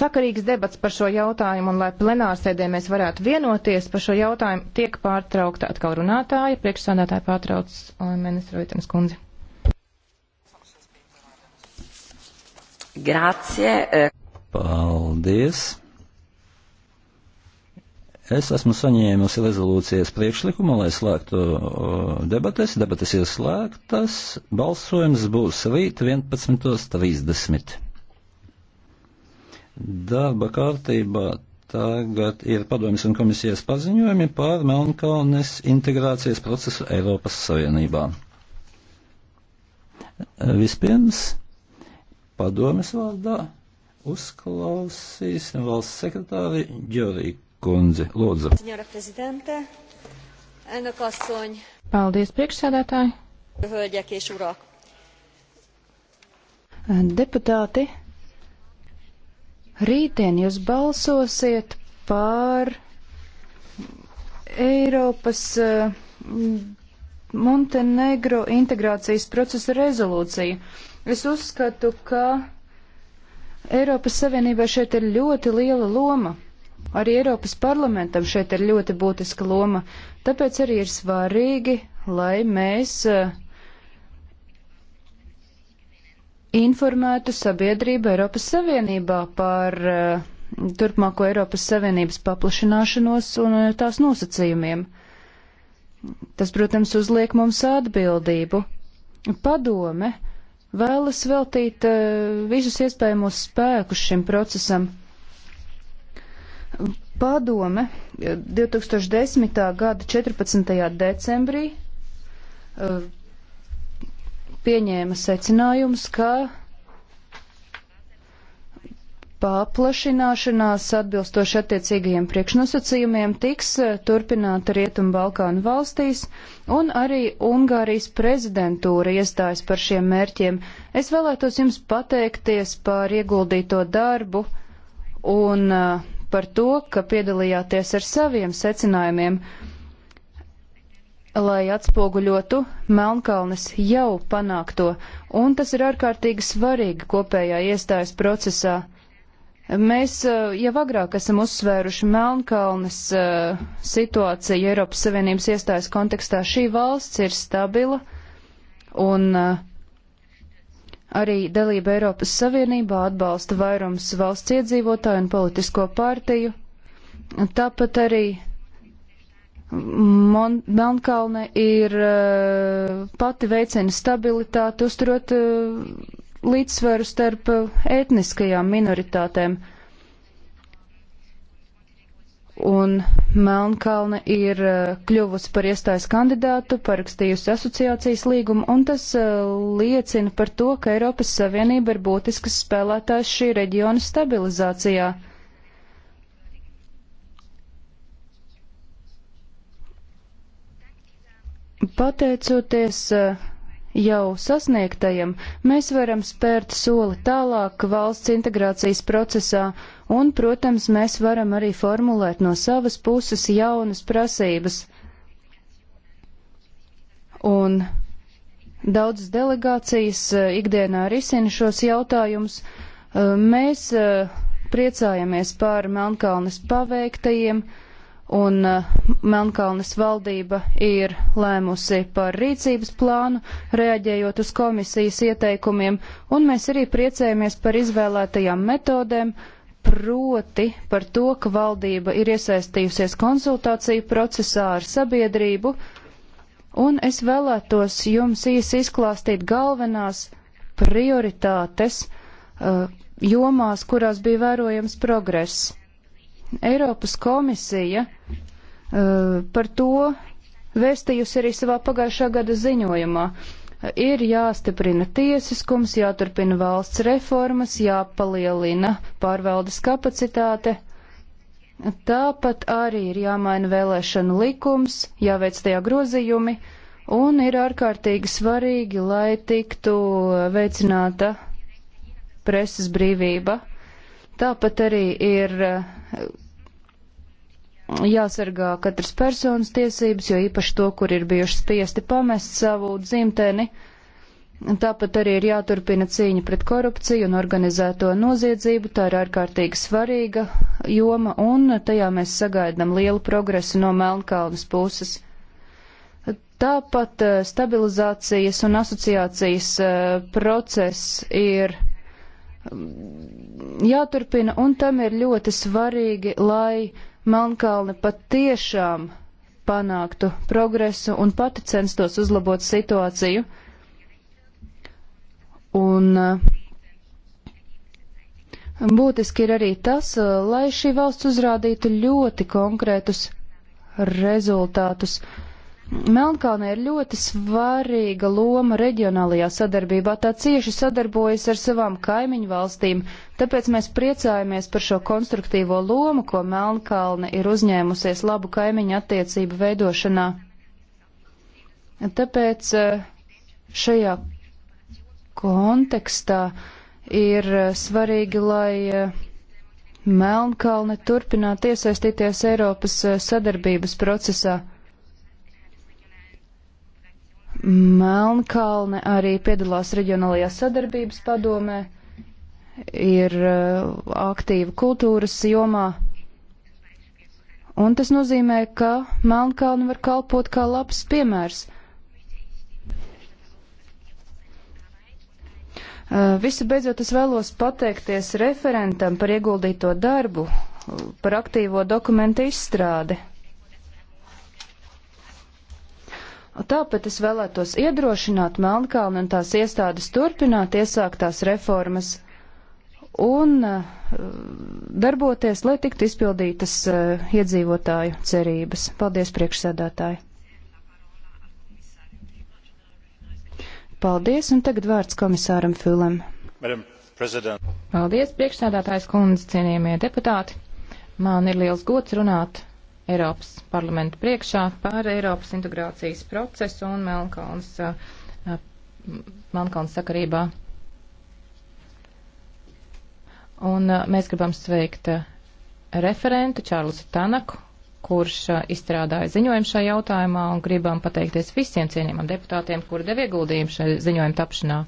sakarīgs debats par šo jautājumu un lai plenārsēdē mēs varētu vienoties par šo jautājumu, tiek pārtraukta atkal runātāja, priekšsādātāja pārtrauc eh, ministra Vitenes kundzi. Grācie. Eh. Paldies. Es esmu saņēmusi rezolūcijas priekšlikumu, lai slēgtu eh, debates. Debates ir slēgtas. Balsojums būs rīt 11.30. Darba kārtībā tagad ir padomjas un komisijas paziņojumi par Melnkalnes integrācijas procesu Eiropas Savienībā. Vispirms padomjas vārdā uzklausīsim valsts sekretāri Gjorī Kundzi. Lūdzu. Paldies, priekšsēdētāji! Hölgyek és urak! Deputāti, Rītdien jūs balsosiet par Eiropas eh, Montenegro integrācijas procesa rezolūciju. Es uzskatu, ka Eiropas Savienībai šeit ir ļoti liela loma. Arī Eiropas parlamentam šeit ir ļoti būtiska loma. Tāpēc arī ir svarīgi, lai mēs uh, informētu sabiedrību Eiropas Savienībā par uh, turpmāko Eiropas Savienības paplašināšanos un uh, tās nosacījumiem. Tas, protams, uzliek mums atbildību. Padome vēlas veltīt uh, visus iespējamos spēkus šim procesam. Padome 2010. gada 14. decembrī pieņēma secinājums, ka paplašināšanās atbilstoši attiecīgajiem priekšnosacījumiem tiks eh, turpināta Rietumu Balkānu valstīs, un arī Ungārijas prezidentūra iestājas par šiem mērķiem. Es vēlētos jums pateikties par ieguldīto darbu un eh, par to, ka piedalījāties ar saviem secinājumiem lai atspoguļotu Melnkalnes jau panākto, un tas ir ārkārtīgi svarīgi kopējā iestājas procesā. Mēs eh, jau agrāk esam uzsvēruši Melnkalnes uh, situāciju Eiropas Savienības iestājas kontekstā. Šī valsts ir stabila un uh, arī dalība Eiropas Savienībā atbalsta vairums valsts iedzīvotāju un politisko partiju. Tāpat arī Mon Melnkalne ir uh, pati veicina stabilitāti, uzturot uh, līdzsvaru starp uh, etniskajām minoritātēm. Un Melnkalne ir kļuvusi par iestājas kandidātu, parakstījusi asociācijas līgumu, un tas liecina par to, ka Eiropas Savienība ir būtisks spēlētājs šī reģiona stabilizācijā. Pateicoties eh, jau sasniegtajam, mēs varam spērt soli tālāk valsts integrācijas procesā, un, protams, mēs varam arī formulēt no savas puses jaunas prasības. Un daudzas delegācijas eh, ikdienā risina šos jautājumus. Eh, mēs priecājamies par Melnkalnes paveiktajiem un eh, Melnkalnes valdība ir lēmusi par rīcības plānu, reaģējot uz komisijas ieteikumiem, un mēs arī priecējamies par izvēlētajām metodēm, proti par to, ka valdība ir iesaistījusies konsultāciju procesā ar sabiedrību, un es vēlētos jums īsi izklāstīt galvenās prioritātes uh, jomās, kurās bija vērojams progress. Eiropas komisija uh, par to vēstījusi arī savā pagājušā gada ziņojumā. Ir jāstiprina tiesiskums, jāturpina valsts reformas, jāpalielina pārvaldes kapacitāte. Tāpat arī ir jāmaina vēlēšanu likums, jāveic tajā grozījumi, un ir ārkārtīgi svarīgi, lai tiktu veicināta preses brīvība. Uh, Tāpat arī ir eh, jāsargā katras personas tiesības, jo īpaši to, kur ir bijuši spiesti pamest savu dzimteni. Tāpat arī ir jāturpina cīņa pret korupciju un organizēto noziedzību. Tā ir ārkārtīgi svarīga joma, un tajā mēs sagaidām lielu progresu no Melnkalnes puses. Tāpat eh, stabilizācijas un asociācijas eh, process ir Mm, jāturpina, un tam ir ļoti svarīgi, lai Melnkalne patiešām panāktu progresu un pati censtos uzlabot situāciju. Un mm, būtiski ir arī tas, lai šī valsts uzrādītu ļoti konkrētus rezultātus. Uh, Melnkalnē ir ļoti svarīga loma reģionālajā sadarbībā, tā cieši sadarbojas ar savām kaimiņu valstīm, tāpēc mēs priecājamies par šo konstruktīvo lomu, ko Melnkalne ir uzņēmusies labu kaimiņu attiecību veidošanā. Tāpēc eh, šajā kontekstā ir eh, svarīgi, lai eh, Melnkalne turpinātu iesaistīties Eiropas sadarbības procesā. Melnkalne arī piedalās reģionālajā sadarbības padomē, ir uh, aktīva kultūras jomā. Un tas nozīmē, ka Melnkalne var kalpot kā labs piemērs. Uh, visu beidzot es vēlos pateikties referentam par ieguldīto darbu, uh, par aktīvo dokumentu izstrādi. Tāpēc es vēlētos iedrošināt Melnkalnu un tās iestādes turpināt iesāktās reformas un eh, darboties, lai tiktu izpildītas eh, iedzīvotāju cerības. Paldies, priekšsēdētāji! Paldies, un tagad vārds komisāram Filem. Paldies, priekšsēdētājs kundze, cienījamie deputāti. Man ir liels gods runāt Eiropas parlamentu priekšā par Eiropas integrācijas procesu un Melnkalns, Melnkalns sakarībā. Un mēs gribam sveikt referentu Čārlzu Tanaku, kurš izstrādāja ziņojumu šajā jautājumā un gribam pateikties visiem cienījumam deputātiem, kuri dev ieguldījumu šai ziņojumu tapšanā.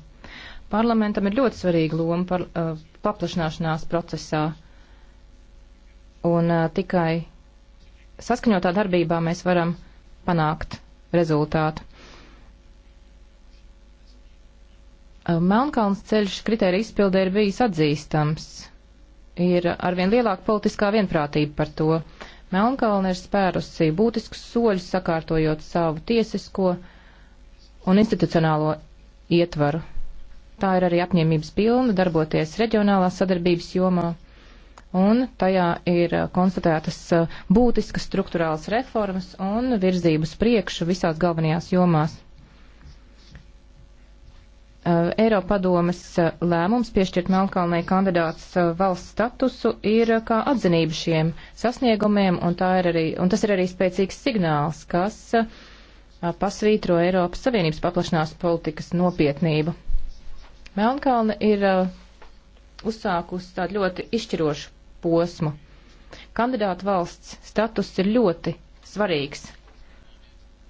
Parlamentam ir ļoti svarīga loma par uh, paplašināšanās procesā. Un uh, tikai saskaņotā darbībā mēs varam panākt rezultātu. Melnkalns ceļš kritērija izpildē ir bijis atzīstams. Ir arvien lielāka politiskā vienprātība par to. Melnkalna ir spērusi būtiskus soļus, sakārtojot savu tiesisko un institucionālo ietvaru. Tā ir arī apņēmības pilna darboties reģionālās sadarbības jomā un tajā ir uh, konstatētas uh, būtiskas struktūrāls reformas un virzības priekšu visās galvenajās jomās. Uh, Eiropa padomes lēmums piešķirt Melnkalnei kandidāts valsts statusu ir kā atzinība šiem sasniegumiem, un, ir arī, un tas ir arī spēcīgs signāls, kas pasvītro Eiropas Savienības paplašanās politikas nopietnību. Melnkalne ir uh, uzsākusi tādu ļoti izšķirošu posmu. Kandidātu valsts status ir ļoti svarīgs.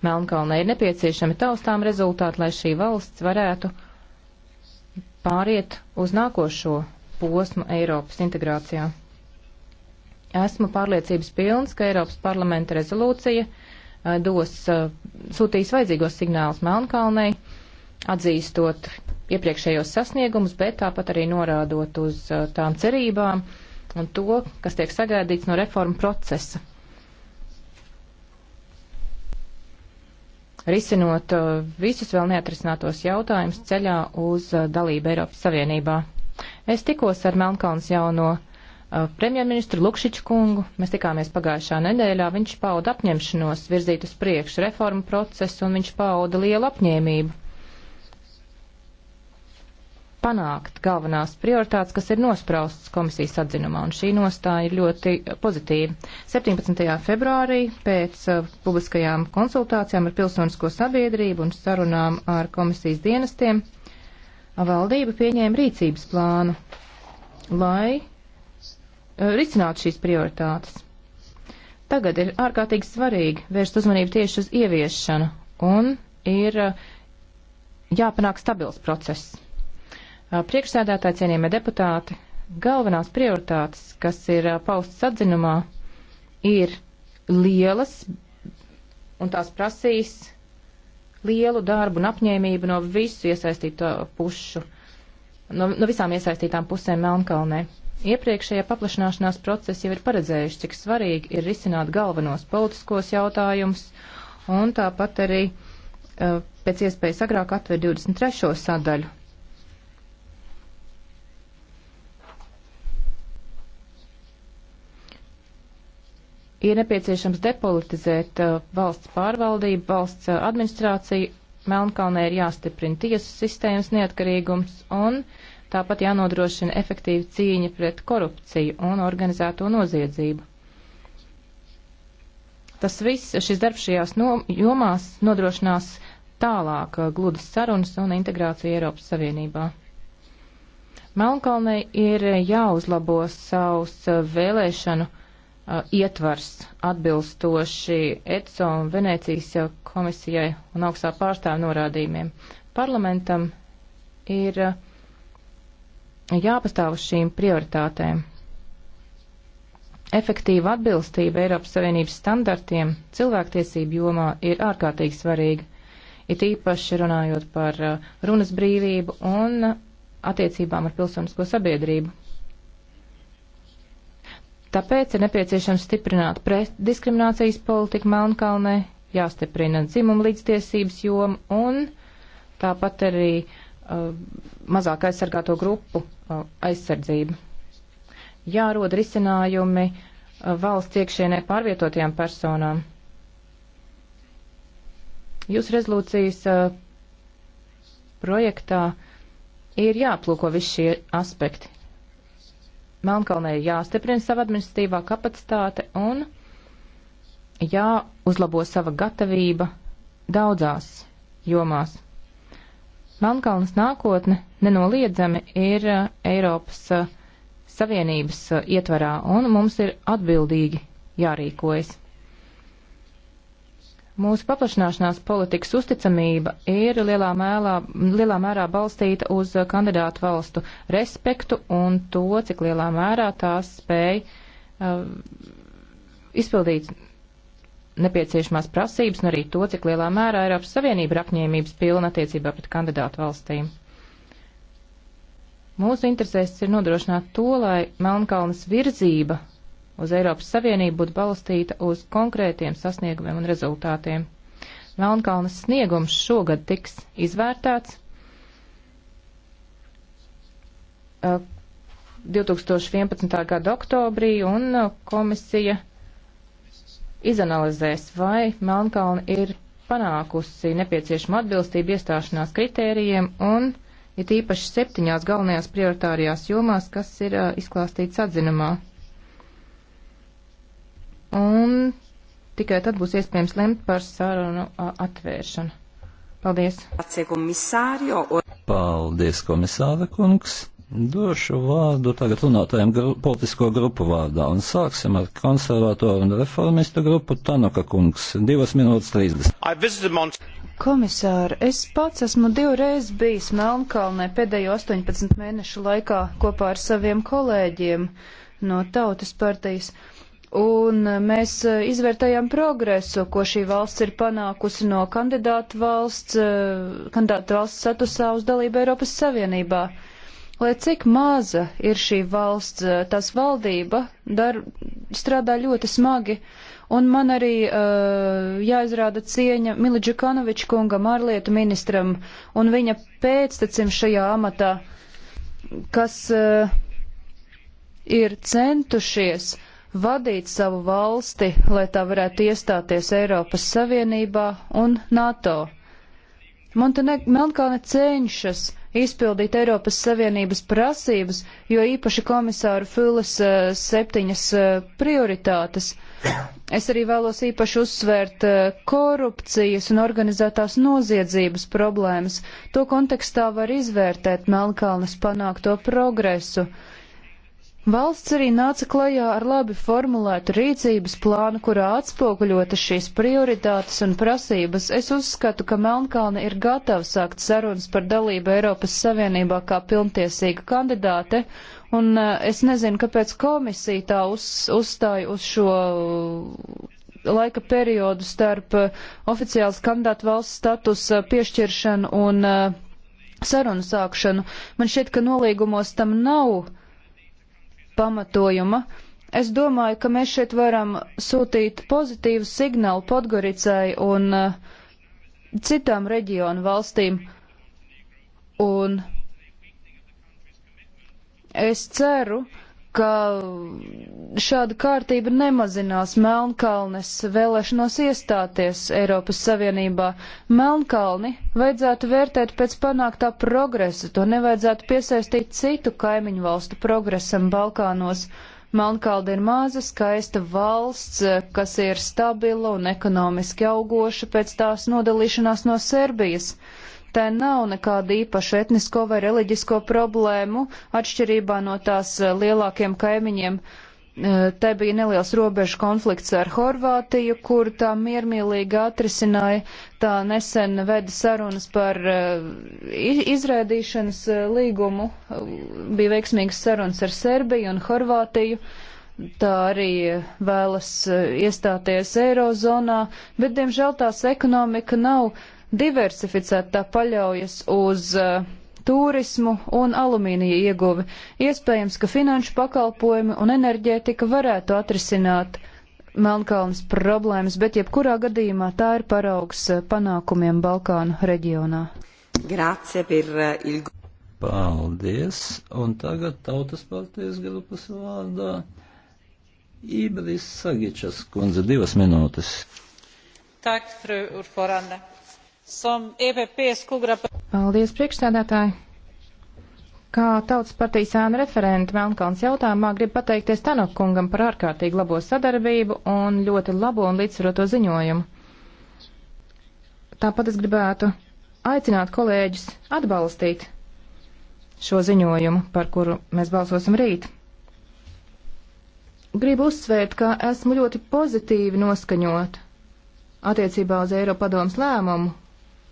Melnkalnē ir nepieciešami taustām rezultāti, lai šī valsts varētu pāriet uz nākošo posmu Eiropas integrācijā. Esmu pārliecības pilns, ka Eiropas parlamenta rezolūcija eh, dos, eh, sūtīs vajadzīgos signālus Melnkalnei, atzīstot iepriekšējos sasniegumus, bet tāpat arī norādot uz uh, tām cerībām un to, kas tiek sagaidīts no reformu procesa. Risinot uh, visus vēl neatrisinātos jautājumus ceļā uz uh, dalību Eiropas Savienībā. Es tikos ar Melnkalnas jauno premjerministru Lukšiču kungu. Mēs tikāmies pagājušā nedēļā. Viņš pauda apņemšanos virzīt uz priekšu reformu procesu un viņš pauda lielu apņēmību panākt galvenās prioritātes, kas ir nospraustas komisijas atzinumā, un šī nostāja ir ļoti pozitīva. 17. februārī pēc uh, publiskajām konsultācijām ar pilsonisko sabiedrību un sarunām ar komisijas dienestiem valdība pieņēma rīcības plānu, lai uh, risinātu šīs prioritātes. Tagad ir ārkārtīgi svarīgi vērst uzmanību tieši uz ieviešanu un ir uh, jāpanāk stabils process. Priekšsēdētāji, cienījamie deputāti, galvenās prioritātes, kas ir paustas atzinumā, ir lielas un tās prasīs lielu darbu un apņēmību no visu iesaistīto pušu, no, no visām iesaistītām pusēm Melnkalnē. Iepriekšējie paplašanāšanās procesi jau ir paredzējuši, cik svarīgi ir risināt galvenos politiskos jautājumus un tāpat arī uh, pēc iespējas agrāk atver 23. sadaļu ir nepieciešams depolitizēt uh, valsts pārvaldību, valsts uh, administrāciju. Melnkalnē ir jāstiprina tiesu sistēmas neatkarīgums un tāpat jānodrošina efektīva cīņa pret korupciju un organizēto noziedzību. Tas viss, šis darbs šajās no, jomās nodrošinās tālāk uh, gludas sarunas un integrāciju Eiropas Savienībā. Melnkalnei ir jāuzlabo savus vēlēšanu uh, Uh, ietvars atbilstoši ECO un Venēcijas komisijai un augstā pārstāv norādījumiem. Parlamentam ir uh, jāpastāv uz šīm prioritātēm. Efektīva atbilstība Eiropas Savienības standartiem cilvēktiesību jomā ir ārkārtīgi svarīga, it īpaši runājot par uh, runas brīvību un attiecībām ar pilsonisko sabiedrību. Tāpēc ir nepieciešams stiprināt diskriminācijas politiku Melnkalnē, jāstiprina dzimuma līdztiesības joma un tāpat arī uh, mazāk aizsargāto grupu uh, aizsardzība. Jārod risinājumi uh, valsts iekšienē pārvietotajām personām. Jūsu rezolūcijas uh, projektā ir jāplūko visi šie aspekti. Melnkalnē ir jāstiprina sava administratīvā kapacitāte un jāuzlabo sava gatavība daudzās jomās. Melnkalnas nākotne nenoliedzami ir eh, Eiropas eh, Savienības eh, ietvarā, un mums ir atbildīgi jārīkojas. Mūsu paplašināšanās politikas uzticamība ir lielā, mēlā, lielā mērā balstīta uz kandidātu valstu respektu un to, cik lielā mērā tās spēj uh, izpildīt nepieciešamās prasības un arī to, cik lielā mērā Eiropas Savienība ir apņēmības pilna attiecībā pret kandidātu valstīm. Mūsu interesēs ir nodrošināt to, lai Melnkalnes virzība uz Eiropas Savienību būtu balstīta uz konkrētiem sasniegumiem un rezultātiem. Melnkalnes sniegums šogad tiks izvērtēts. 2011. gada oktobrī un komisija izanalizēs, vai Melnkalna ir panākusi nepieciešamu atbilstību iestāšanās kritērijiem un ir tīpaši septiņās galvenajās prioritārajās jomās, kas ir uh, izklāstīts atzinumā un tikai tad būs iespējams lemt par sarunu atvēršanu. Paldies! Paldies, komisāra kungs! Došu vārdu tagad runātājiem gru, politisko grupu vārdā un sāksim ar konservatoru un reformistu grupu Tanuka kungs. 2 minūtes 30. Komisāri, es pats esmu divreiz bijis Melnkalnē pēdējo 18 mēnešu laikā kopā ar saviem kolēģiem no Tautas partijas. Uh, Un eh, mēs eh, izvērtējām progresu, ko šī valsts ir panākusi no kandidātu valsts, eh, kandidātu valsts statusā uz dalību Eiropas Savienībā. Lai cik maza ir šī valsts, tās valdība dar, strādā ļoti smagi, un man arī uh, jāizrāda cieņa Miliģa Kanoviča kungam, ārlietu ministram, un viņa pēctecim šajā amatā, kas uh, ir centušies uh, vadīt savu valsti, lai tā varētu iestāties Eiropas Savienībā un NATO. Melnkalne cenšas izpildīt Eiropas Savienības prasības, jo īpaši komisāru Füles uh, eh, septiņas uh, prioritātes. Es arī vēlos īpaši uzsvērt uh, korupcijas un organizētās noziedzības problēmas. To kontekstā var izvērtēt Melnkalnes panākto progresu. Uh, Valsts arī nāca klajā ar labi formulētu rīcības plānu, kurā atspoguļota šīs prioritātes un prasības. Es uzskatu, ka Melnkalne ir gatava sākt sarunas par dalību Eiropas Savienībā kā pilntiesīga kandidāte, un uh, es nezinu, kāpēc komisija tā uz, uzstāja uz šo uh, laika periodu starp uh, oficiāls kandidātu valsts statusa piešķiršanu un sarunu sākšanu. Man šķiet, ka nolīgumos tam nav pamatojuma. Es domāju, ka mēs šeit varam sūtīt pozitīvu signālu Podgoricai un uh, citām reģionu valstīm. Un es ceru, uh, ka šāda kārtība nemazinās Melnkalnes vēlēšanos iestāties Eiropas Savienībā. Melnkalni vajadzētu vērtēt pēc panāktā progresa, to nevajadzētu piesaistīt citu kaimiņu valstu progresam Balkānos. Melnkalda ir maza, skaista valsts, kas ir stabila un ekonomiski augoša pēc tās nodalīšanās no Serbijas. Te nav nekāda īpaša etnisko vai reliģisko problēmu, atšķirībā no tās eh, lielākiem kaimiņiem. Eh, te bija neliels robežu konflikts ar Horvātiju, kur tā miermīlīgi atrisināja. Tā nesen veda sarunas par eh, izrēdīšanas līgumu. Bija veiksmīgas sarunas ar Serbiju un Horvātiju. Tā arī vēlas iestāties Eirozonā, bet, diemžēl, tās ekonomika nav diversificētā paļaujas uz uh, turismu un alumīnija ieguvi. Iespējams, ka finanšu pakalpojumi un enerģētika varētu atrisināt Melnkalnes problēmas, bet jebkurā gadījumā tā ir paraugs uh, panākumiem Balkānu reģionā. Grācie par uh, ilgu. Paldies, un tagad tautas partijas grupas vārdā Ibris Sagičas kundze divas minūtes. Tak, fru ordförande. E Paldies, priekšsēdētāji! Kā tautas partijas ēna referenta Melnkalns jautājumā grib pateikties Tanokungam par ārkārtīgi labo sadarbību un ļoti labo un līdzsvaroto ziņojumu. Tāpat es gribētu aicināt kolēģus atbalstīt šo ziņojumu, par kuru mēs balsosim rīt. Gribu uzsvērt, ka esmu ļoti pozitīvi noskaņot attiecībā uz Eiropadomas lēmumu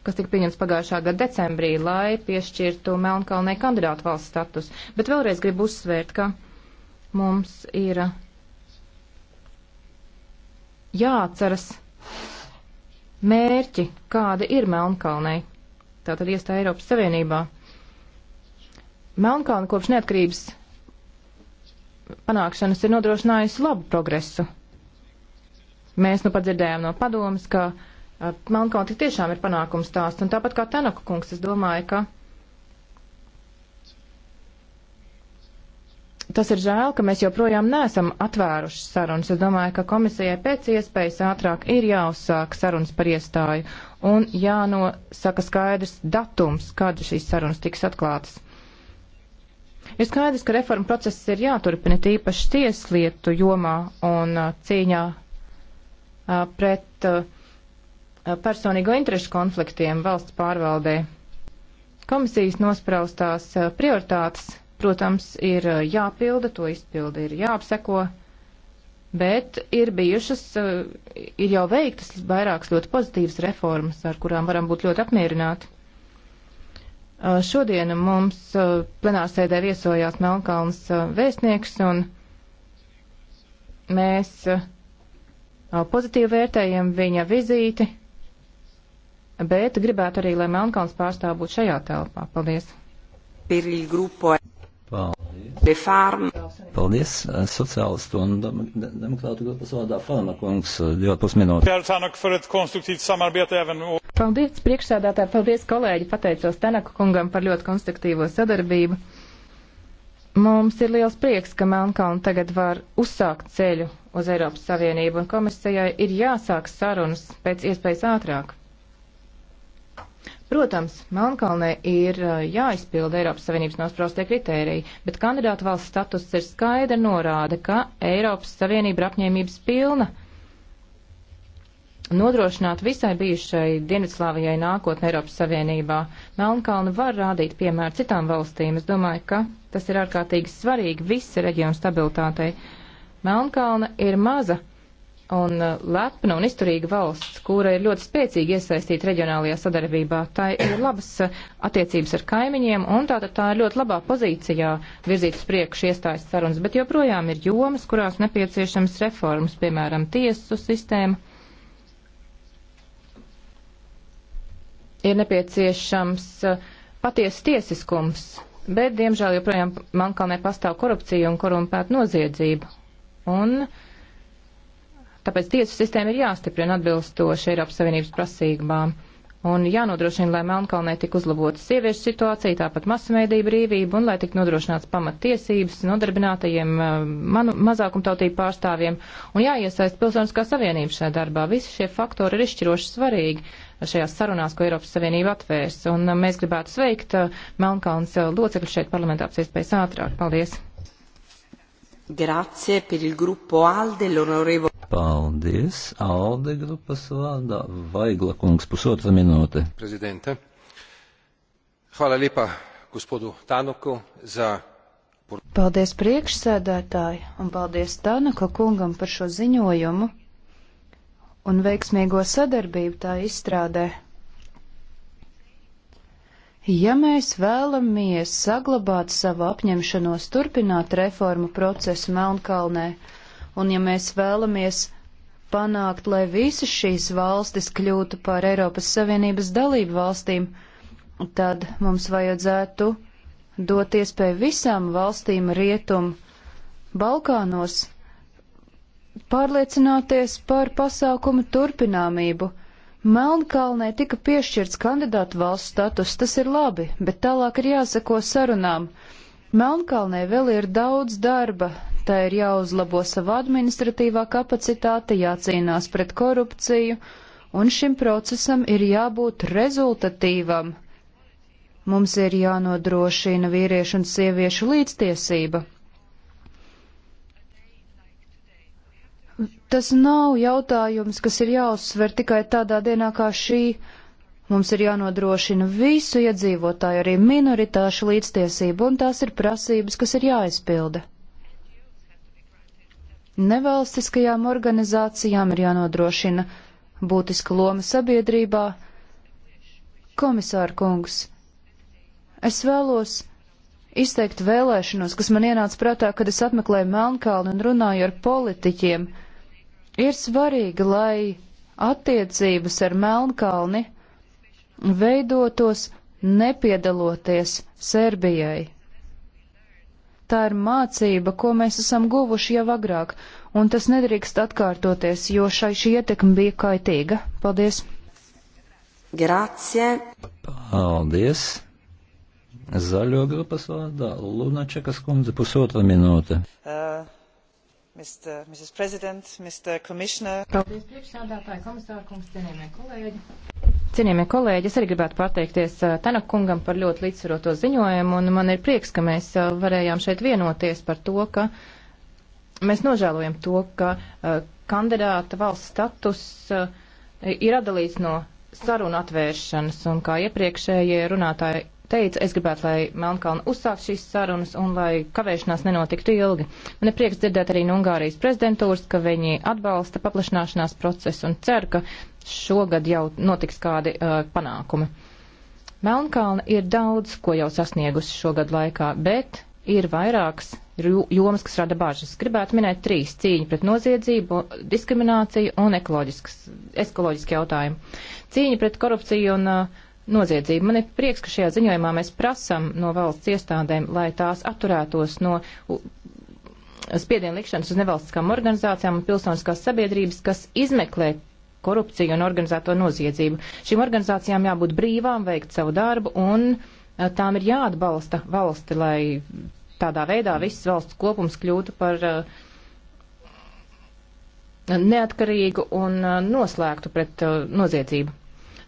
kas tika pieņemts pagājušā gada decembrī, lai piešķirtu Melnkalnei kandidātu valsts status. Bet vēlreiz gribu uzsvērt, ka mums ir jāatceras mērķi, kāda ir Melnkalnei. Tātad iestāja Eiropas Savienībā. Melnkalna kopš neatkarības panākšanas ir nodrošinājusi labu progresu. Mēs nu padzirdējām no padomas, ka uh, Melnkalna tik tiešām ir panākums stāsts, un tāpat kā Tanaka kungs, es domāju, ka tas ir žēl, ka mēs joprojām neesam atvēruši sarunas. Es domāju, ka komisijai pēc iespējas ātrāk ir jāuzsāk sarunas par iestāju un jānosaka skaidrs datums, kad šīs sarunas tiks atklātas. Ir skaidrs, ka reforma process ir jāturpina tīpaši tieslietu jomā un uh, cīņā uh, pret. Uh, Uh, personīgo interešu konfliktiem valsts pārvaldē. Komisijas nospraustās uh, prioritātes, protams, ir uh, jāpilda, to izpildi ir jāapseko, bet ir bijušas, ir jau veiktas vairākas ļoti pozitīvas reformas, ar kurām varam būt ļoti apmierināti. Šodien mums plenārsēdē viesojās Melnkalns vēstnieks, un mēs pozitīvi vērtējam viņa vizīti bet gribētu arī, lai Melnkalns pārstāv būtu šajā telpā. Paldies! Paldies! Paldies! Sociālistu un demokrātu grupas vārdā Farmakungs, ļoti pusminūte. Paldies, priekšsēdētāji, paldies, kolēģi, pateicos Tenaku kungam par ļoti konstruktīvo sadarbību. Mums ir liels prieks, ka Melnkalna tagad var uzsākt ceļu uz Eiropas Savienību, un komisijai ir jāsāk sarunas pēc iespējas ātrāk. Protams, Melnkalnē ir jāizpilda Eiropas Savienības nosprostie kritēriji, bet kandidātu valsts status ir skaidra norāde, ka Eiropas Savienība ir apņēmības pilna nodrošināt visai bijušai Dienvidslāvijai nākotnē Eiropas Savienībā. Melnkalna var rādīt piemēru citām valstīm. Es domāju, ka tas ir ārkārtīgi svarīgi visa reģiona stabilitātei. Melnkalna ir maza un uh, lepna un izturīga valsts, kura ir ļoti spēcīgi iesaistīta reģionālajā sadarbībā. Tā ir labas uh, attiecības ar kaimiņiem, un tā, tā ir ļoti labā pozīcijā virzīt uz priekšu iestājas sarunas, bet joprojām ir jomas, kurās nepieciešams reformas, piemēram, tiesu sistēma. Ir nepieciešams uh, patiesa tiesiskums, bet, diemžēl, joprojām Mankalnē pastāv korupcija un korumpēta noziedzība. Un uh, Tāpēc tiesu sistēma ir jāstiprina atbilstoši Eiropas Savienības prasībām. Un jānodrošina, lai Melnkalnē tik uzlabota sieviešu situācija, tāpat masamēdība brīvība un lai tik nodrošināts pamatiesības nodarbinātajiem eh, manu, mazākumtautību pārstāvjiem un jāiesaist pilsoniskā savienība šajā darbā. Visi šie faktori ir izšķiroši svarīgi šajās sarunās, ko Eiropas Savienība atvērs. Un eh, mēs gribētu sveikt eh, Melnkalnas locekļu šeit parlamentā pēc iespējas ātrāk. Paldies! Grazie per il gruppo Alde, l'onorevole. Paldies, Alde grupas vārdā. Vaigla kungs, pusotra minūte. Prezidente. Hvala lipa gospodu Tanuku za. Paldies priekšsēdētāji un paldies Tanuka kungam par šo ziņojumu un veiksmīgo sadarbību tā izstrādē. Ja mēs vēlamies saglabāt savu apņemšanos turpināt reformu procesu Melnkalnē, un ja mēs vēlamies panākt, lai visas šīs valstis kļūtu par Eiropas Savienības dalību valstīm, tad mums vajadzētu dot iespēju visām valstīm rietum Balkānos pārliecināties par pasākumu turpināmību Melnkalnē tika piešķirts kandidātu valsts status, tas ir labi, bet tālāk ir jāseko sarunām. Melnkalnē vēl ir daudz darba, tā ir jāuzlabo sava administratīvā kapacitāte, jācīnās pret korupciju, un šim procesam ir jābūt rezultatīvam. Mums ir jānodrošina vīriešu un sieviešu līdztiesība, Tas nav jautājums, kas ir jāuzsver tikai tādā dienā kā šī. Mums ir jānodrošina visu iedzīvotāju, arī minoritāšu līdztiesību, un tās ir prasības, kas ir jāizpilda. Nevalstiskajām organizācijām ir jānodrošina būtiska loma sabiedrībā. Komisāra kungs, es vēlos izteikt vēlēšanos, kas man ienāca prātā, kad es apmeklēju Melnkalnu un runāju ar politiķiem. Ir svarīgi, lai attiecības ar Melnkalni veidotos nepiedaloties Serbijai. Tā ir mācība, ko mēs esam guvuši jau agrāk, un tas nedrīkst atkārtoties, jo šai šī ietekme bija kaitīga. Paldies! Grācie! Paldies! Zaļo grupas vārdā Lunačekas kundze pusotra minūte. Uh. Mr. Mrs. President, Mr. Commissioner. Paldies priekšsādātāji, komisāra kungs, cienījamie kolēģi. Cienījamie kolēģi, es arī gribētu pateikties uh, Tanak kungam par ļoti līdzsvaroto ziņojumu, un man ir prieks, ka mēs uh, varējām šeit vienoties par to, ka mēs nožēlojam to, ka uh, kandidāta valsts status ir atdalīts no sarunu atvēršanas, un kā iepriekšējie runātāji teica, es gribētu, lai Melnkalna uzsāk šīs sarunas un lai kavēšanās nenotiktu ilgi. Man ir prieks dzirdēt arī no Ungārijas prezidentūras, ka viņi atbalsta paplašināšanās procesu un cer, ka šogad jau notiks kādi uh, panākumi. Melnkalna ir daudz, ko jau sasniegusi šogad laikā, bet ir vairākas jomas, kas rada bažas. Gribētu minēt trīs - cīņa pret noziedzību, diskrimināciju un ekoloģiskie jautājumi. Cīņa pret korupciju un uh, noziedzību. Man ir prieks, ka šajā ziņojumā mēs prasam no valsts iestādēm, lai tās atturētos no spiedienu likšanas uz nevalstiskām organizācijām un pilsoniskās sabiedrības, kas izmeklē korupciju un organizēto noziedzību. Šīm organizācijām jābūt brīvām, veikt savu darbu un eh, tām ir jāatbalsta valsti, lai tādā veidā viss valsts kopums kļūtu par uh, neatkarīgu un eh, noslēgtu pret uh, noziedzību.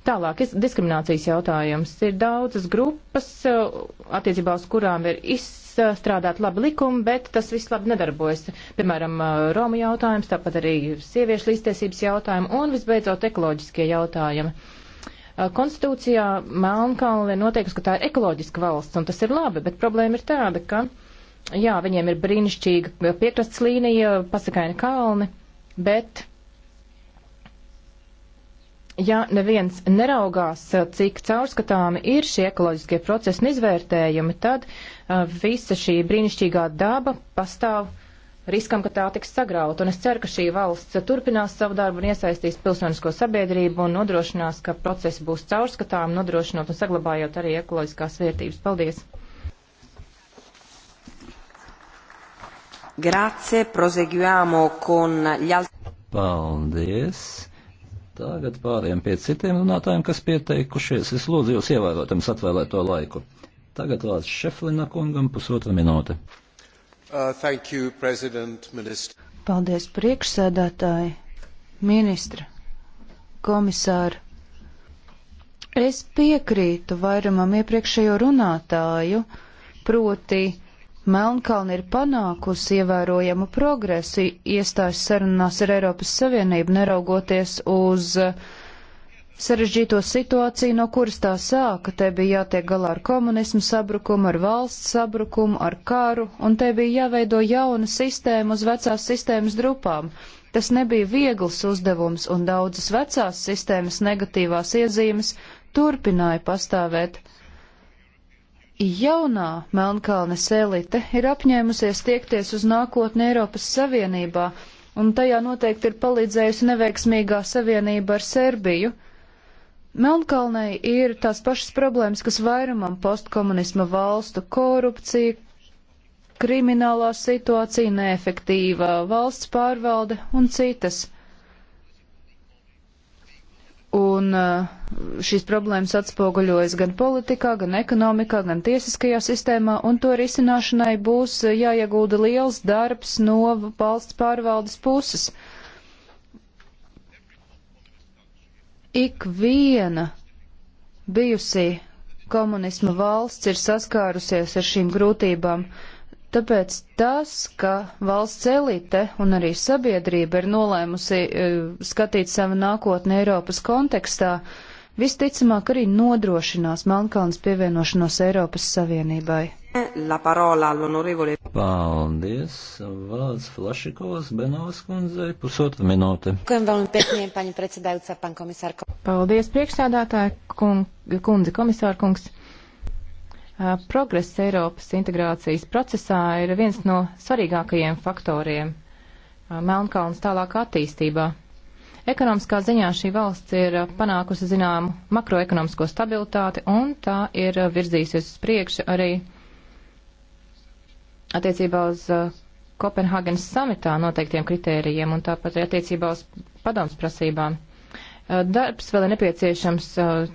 Tālāk, diskriminācijas jautājums. Ir daudzas grupas, uh, attiecībā uz kurām ir izstrādāt labi likumi, bet tas viss labi nedarbojas. Piemēram, uh, Roma jautājums, tāpat arī sieviešu līdztiesības jautājumi un visbeidzot ekoloģiskie jautājumi. Uh, konstitūcijā Melnkalne noteikusi, ka tā ir ekoloģiska valsts, un tas ir labi, bet problēma ir tāda, ka, jā, viņiem ir brīnišķīga piekrastas līnija, pasakaini kalni, bet ja neviens neraugās, eh, cik caurskatāmi ir šie ekoloģiskie procesi un izvērtējumi, tad uh, visa šī brīnišķīgā daba pastāv riskam, ka tā tiks sagrauta. Un es ceru, ka šī valsts turpinās savu darbu un iesaistīs pilsonisko sabiedrību un nodrošinās, ka procesi būs caurskatāmi, nodrošinot un saglabājot arī ekoloģiskās vērtības. Paldies! Grazie, proseguiamo con gli altri. Paldies! Tagad pāriem pie citiem runātājiem, kas pieteikušies. Es lūdzu jūs ievērot jums atvēlēto laiku. Tagad vārds Šeflina kungam pusotra minūte. Uh, you, Paldies, priekšsēdētāji, ministra, komisāri. Es piekrītu vairumam iepriekšējo runātāju, proti Melnkalna ir panākusi ievērojamu progresu, iestājas sarunās ar Eiropas Savienību, neraugoties uz uh, sarežģīto situāciju, no kuras tā sāka. Te bija jātiek galā ar komunismu sabrukumu, ar valsts sabrukumu, ar karu, un te bija jāveido jauna sistēma uz vecās sistēmas drupām. Tas nebija viegls uzdevums, un daudzas vecās sistēmas negatīvās iezīmes turpināja pastāvēt. Jaunā Melnkalnes elite ir apņēmusies tiekties uz nākotni Eiropas Savienībā, un tajā noteikti ir palīdzējusi neveiksmīgā savienība ar Serbiju. Melnkalnei ir tās pašas problēmas, kas vairumam postkomunisma valstu - korupcija, kriminālā situācija, neefektīvā valsts pārvalde un citas. Un eh, šīs problēmas atspoguļojas gan politikā, gan ekonomikā, gan tiesiskajā sistēmā, un to risināšanai būs eh, jāiegulda liels darbs no valsts pārvaldes puses. Ik viena bijusī komunisma valsts ir saskārusies ar šīm grūtībām, Tāpēc tas, ka valsts elite un arī sabiedrība ir nolēmusi e, skatīt savu nākotni Eiropas kontekstā, visticamāk arī nodrošinās Melnkalnas pievienošanos Eiropas Savienībai. La parola all'onorevole. Paldies. Vārds Flašikovas Benovas kundzei pusotra minūte. Paldies, priekšsādātāja kundze, komisāra kungs. Progress Eiropas integrācijas procesā ir viens no svarīgākajiem faktoriem Melnkalnas tālākā attīstībā. Ekonomiskā ziņā šī valsts ir panākusi zināmu makroekonomisko stabilitāti un tā ir virzījusies uz priekšu arī attiecībā uz Kopenhāgenes samitā noteiktiem kritērijiem un tāpat arī attiecībā uz padoms prasībām. Darbs vēl ir nepieciešams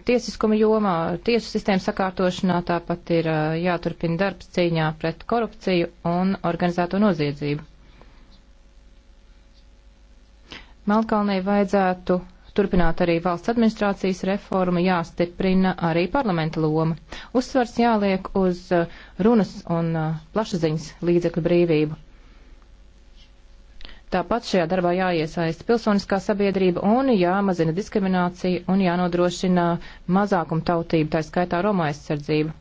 tiesiskuma jomā, tiesu sistēmas sakārtošanā, tāpat ir jāturpina darbs cīņā pret korupciju un organizēto noziedzību. Melkalnei vajadzētu turpināt arī valsts administrācijas reformu, jāstiprina arī parlamenta loma. Uzsvars jāliek uz runas un plašsaziņas līdzekļu brīvību. Tāpat šajā darbā jāiesaista pilsoniskā sabiedrība un jāmazina diskriminācija un jānodrošina mazākuma tautība, tā skaitā Roma aizsardzība.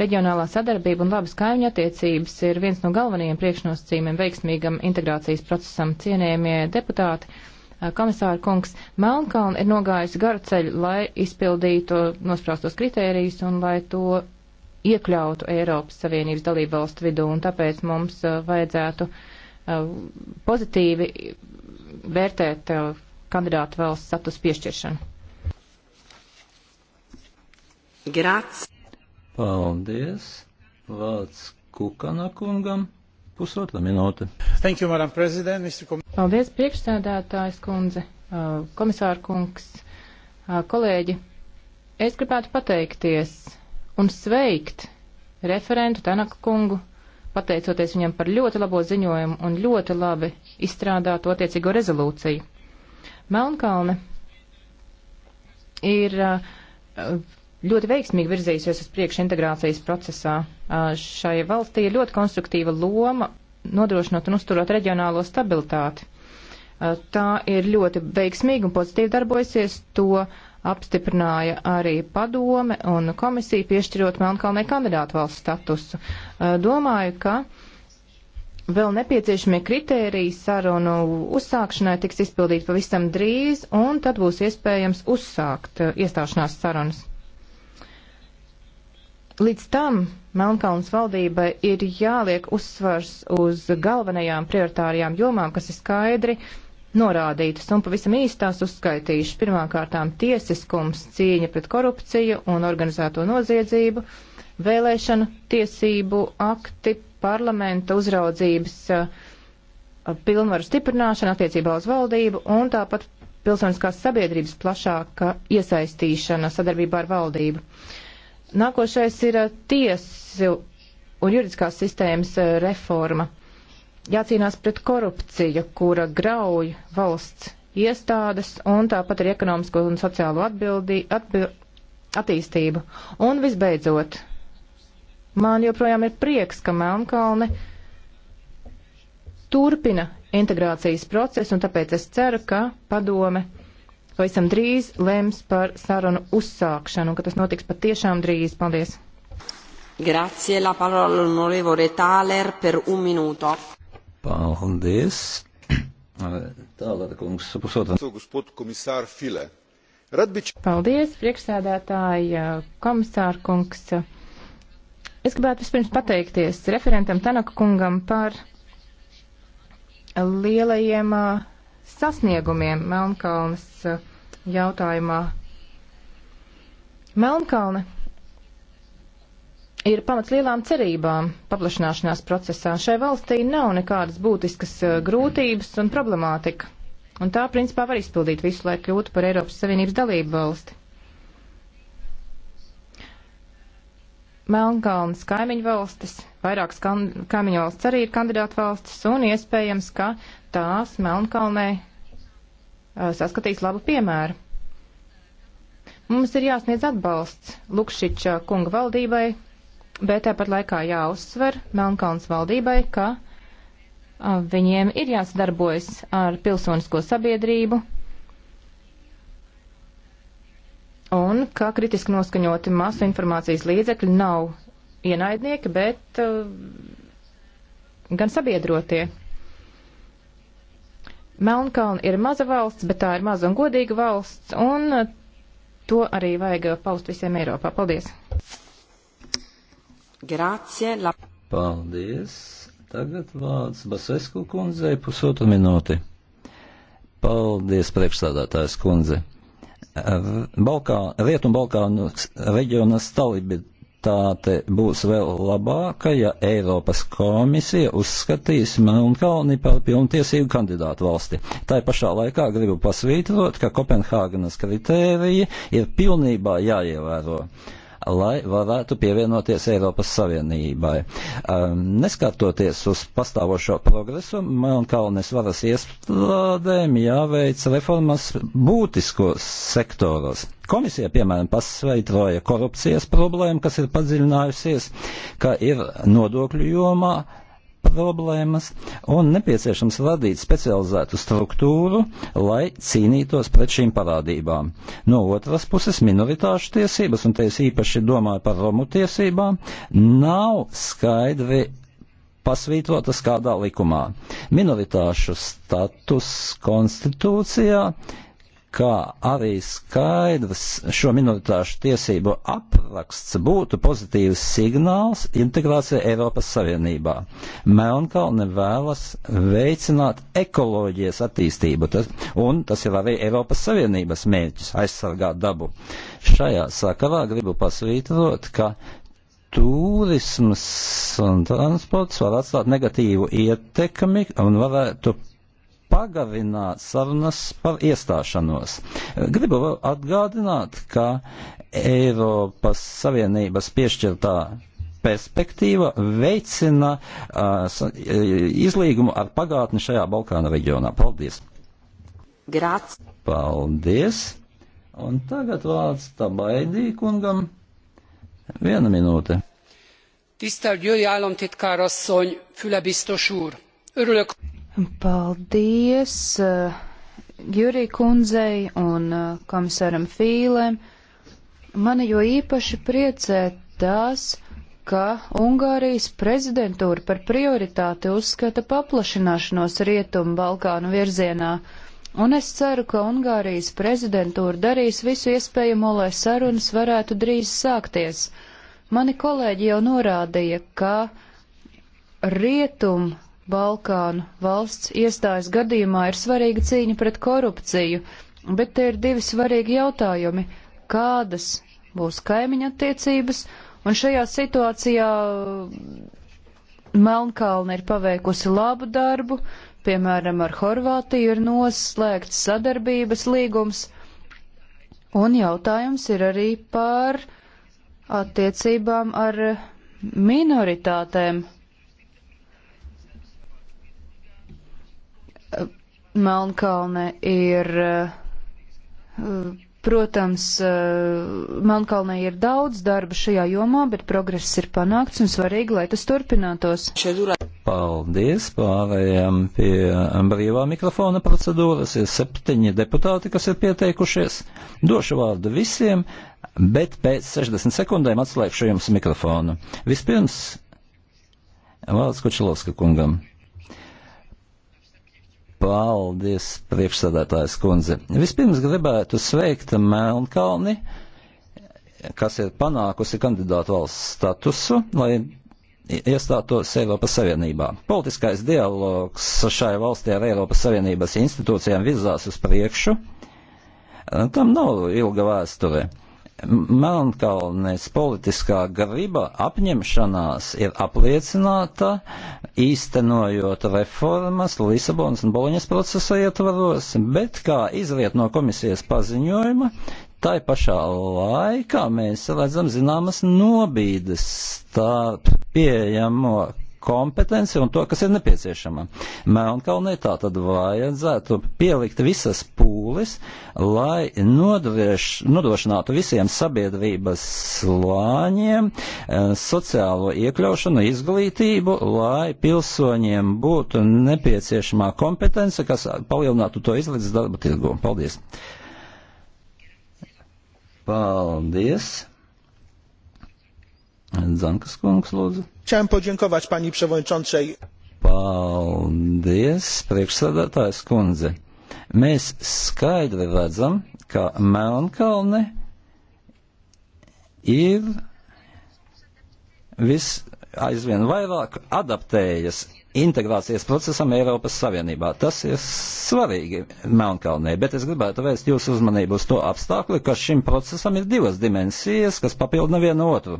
Reģionālā sadarbība un labas kaimiņa attiecības ir viens no galvenajiem priekšnosacījumiem veiksmīgam integrācijas procesam cienējamie deputāti. Komisāra kungs Melnkalna ir nogājusi garu ceļu, lai izpildītu nospraustos kritērijus un lai to iekļautu Eiropas Savienības dalību valstu vidū, un tāpēc mums uh, vajadzētu uh, pozitīvi vērtēt uh, kandidātu valsts status piešķiršanu. Grāts. Paldies. Vārds Kukana kungam. Pusotra minūte. Thank you, Madam President, Mr. Kom Paldies, priekšsēdētājs kundze, komisāra kungs, kolēģi. Es gribētu pateikties un sveikt referentu Tanaka kungu, pateicoties viņam par ļoti labo ziņojumu un ļoti labi izstrādātu attiecīgo rezolūciju. Melnkalne ir uh, uh, ļoti veiksmīgi virzījusies uz priekšu integrācijas procesā. Uh, šai valstī ir ļoti konstruktīva loma nodrošinot un uzturot reģionālo stabilitāti. Tā ir ļoti veiksmīga un pozitīvi darbojasies, to apstiprināja arī padome un komisija piešķirot Melnkalnē kandidātu valsts statusu. Domāju, ka vēl nepieciešamie kritēriji sarunu uzsākšanai tiks izpildīti pavisam drīz, un tad būs iespējams uzsākt iestāšanās sarunas. Līdz tam Melnkalnas valdībai ir jāliek uzsvars uz galvenajām prioritārajām jomām, kas ir skaidri uh, norādītas, un pavisam īstās uzskaitīšu pirmkārtām tiesiskums, cīņa pret korupciju un organizēto noziedzību, vēlēšana tiesību akti, parlamenta uzraudzības pilnvaru stiprināšana attiecībā uz valdību un tāpat pilsoniskās sabiedrības plašāka iesaistīšana sadarbībā ar valdību. Nākošais ir tiesu un juridiskās sistēmas reforma jācīnās pret korupciju, kura grauj valsts iestādes un tāpat arī ekonomisko un sociālo atbildi, atbil, attīstību. Un visbeidzot, man joprojām ir prieks, ka Melnkalne turpina integrācijas procesu, un tāpēc es ceru, ka padome pavisam drīz lems par sarunu uzsākšanu, un ka tas notiks patiešām drīz. Paldies! Grazie, la parola all'onorevole Thaler per un minuto. Paldies. Tālāk, kungs, pusotra. Paldies, priekšsēdētāji, komisāra kungs. Es gribētu vispirms pateikties referentam Tanaka kungam par lielajiem sasniegumiem Melnkalnes jautājumā. Melnkalne ir pamats lielām cerībām paplašināšanās procesā. Šai valstī nav nekādas būtiskas eh, grūtības un problemātika. Un tā, principā, var izpildīt visu, lai kļūtu par Eiropas Savienības dalību valsti. Melnkalnas kaimiņu valstis, vairākas kaimiņu valsts arī ir kandidātu valstis, un iespējams, ka tās Melnkalnē eh, saskatīs labu piemēru. Mums ir jāsniedz atbalsts Lukšiča kunga valdībai, bet tāpat laikā jāuzsver Melnkalnas valdībai, ka viņiem ir jāsadarbojas ar pilsonisko sabiedrību un ka kritiski noskaņoti masu informācijas līdzekļi nav ienaidnieki, bet uh, gan sabiedrotie. Melnkalna ir maza valsts, bet tā ir maza un godīga valsts, un to arī vajag paust visiem Eiropā. Paldies! Grācie. La... Paldies. Tagad vārds Basesku kundzei pusotru minūti. Paldies, priekšstādātājs kundze. Balkā, Rietu un Balkānu reģiona stabilitāte būs vēl labāka, ja Eiropas komisija uzskatīs Melnkalni par pilntiesību kandidātu valsti. Tā pašā laikā gribu pasvītrot, ka Kopenhāgenas kritēriji ir pilnībā jāievēro. Uh, lai varētu pievienoties Eiropas Savienībai. Ehm, neskartoties uz pastāvošo progresu, Melnkalnes varas iestādēm jāveic reformas būtiskos sektoros. Komisija, piemēram, pasveitroja korupcijas problēmu, kas ir padziļinājusies, ka ir nodokļu jomā problēmas un nepieciešams radīt specializētu struktūru, lai cīnītos pret šīm parādībām. No otras puses, minoritāšu tiesības, un te es īpaši domāju par romu tiesībām, nav skaidri pasvītrotas kādā likumā. Minoritāšu status konstitūcijā kā arī skaidrs šo minoritāšu tiesību apraksts būtu pozitīvs signāls integrācijai Eiropas Savienībā. Melnkalne vēlas veicināt ekoloģijas attīstību, tas, un tas ir arī Eiropas Savienības mērķis - aizsargāt dabu. Šajā sakarā gribu pasvītrot, ka turisms un transports var atstāt negatīvu ietekmi un varētu pagarināt sarunas par iestāšanos. Gribu atgādināt, ka Eiropas Savienības piešķirtā perspektīva veicina uh, izlīgumu ar pagātni šajā Balkāna reģionā. Paldies! Grāts! Paldies! Un tagad vārds Tabaidī kungam. Viena minūte. Tisztelt Győri államtitkár asszony, Füle biztos úr! Örülök! Paldies uh, eh, Jurī kundzei un uh, komisāram Fīlēm. Mani jo īpaši priecē tas, ka Ungārijas prezidentūra par prioritāti uzskata paplašināšanos Rietumu Balkānu virzienā, un es ceru, ka Ungārijas prezidentūra darīs visu iespējamo, lai sarunas varētu drīz sākties. Mani kolēģi jau norādīja, ka Rietumu Balkānu valsts iestājas gadījumā ir svarīga cīņa pret korupciju, bet te ir divi svarīgi jautājumi - kādas būs kaimiņa attiecības, un šajā situācijā Melnkalna ir paveikusi labu darbu, piemēram, ar Horvātiju ir noslēgts sadarbības līgums, un jautājums ir arī par attiecībām ar minoritātēm Melnkalne ir, eh, protams, eh, Melnkalne ir daudz darba šajā jomā, bet progress ir panākts un svarīgi, lai tas turpinātos. Paldies, pārējām pie brīvā mikrofona procedūras. Ir septiņi deputāti, kas ir pieteikušies. Došu vārdu visiem, bet pēc 60 sekundēm atslēgšu jums mikrofonu. Vispirms, vārds Kočilovska kungam. Paldies, priekšsādātājs kundze. Vispirms gribētu sveikt Melnkalni, kas ir panākusi kandidātu valsts statusu, lai iestātos Eiropas Savienībā. Politiskais dialogs šai valstī ar Eiropas Savienības institūcijām virzās uz priekšu. Tam nav ilga vēsture. Melnkalnes politiskā griba apņemšanās ir apliecināta, īstenojot reformas Lisabonas un Boloņas procesa ietvaros, bet, kā izriet no komisijas paziņojuma, tai pašā laikā mēs redzam zināmas nobīdes starp pieejamo kompetenci un to, kas ir nepieciešama. Melnkalnē tā tad vajadzētu pielikt visas pūles, lai nodvieš, nodrošinātu visiem sabiedrības slāņiem eh, sociālo iekļaušanu, izglītību, lai pilsoņiem būtu nepieciešamā kompetence, kas palielinātu to izlīdz darba tirgu. Paldies! Paldies! Zankas kungs, lūdzu. Čem poģinkovāč, paņī prevoņčončai. Paldies, priekšsādātājs kundze. Mēs skaidri redzam, ka Melnkalne ir vis aizvien vairāk adaptējas integrācijas procesam Eiropas Savienībā. Tas ir svarīgi Melnkalnē, bet es gribētu vērst jūsu uzmanību uz to apstākli, ka šim procesam ir divas dimensijas, kas papildina vienu otru.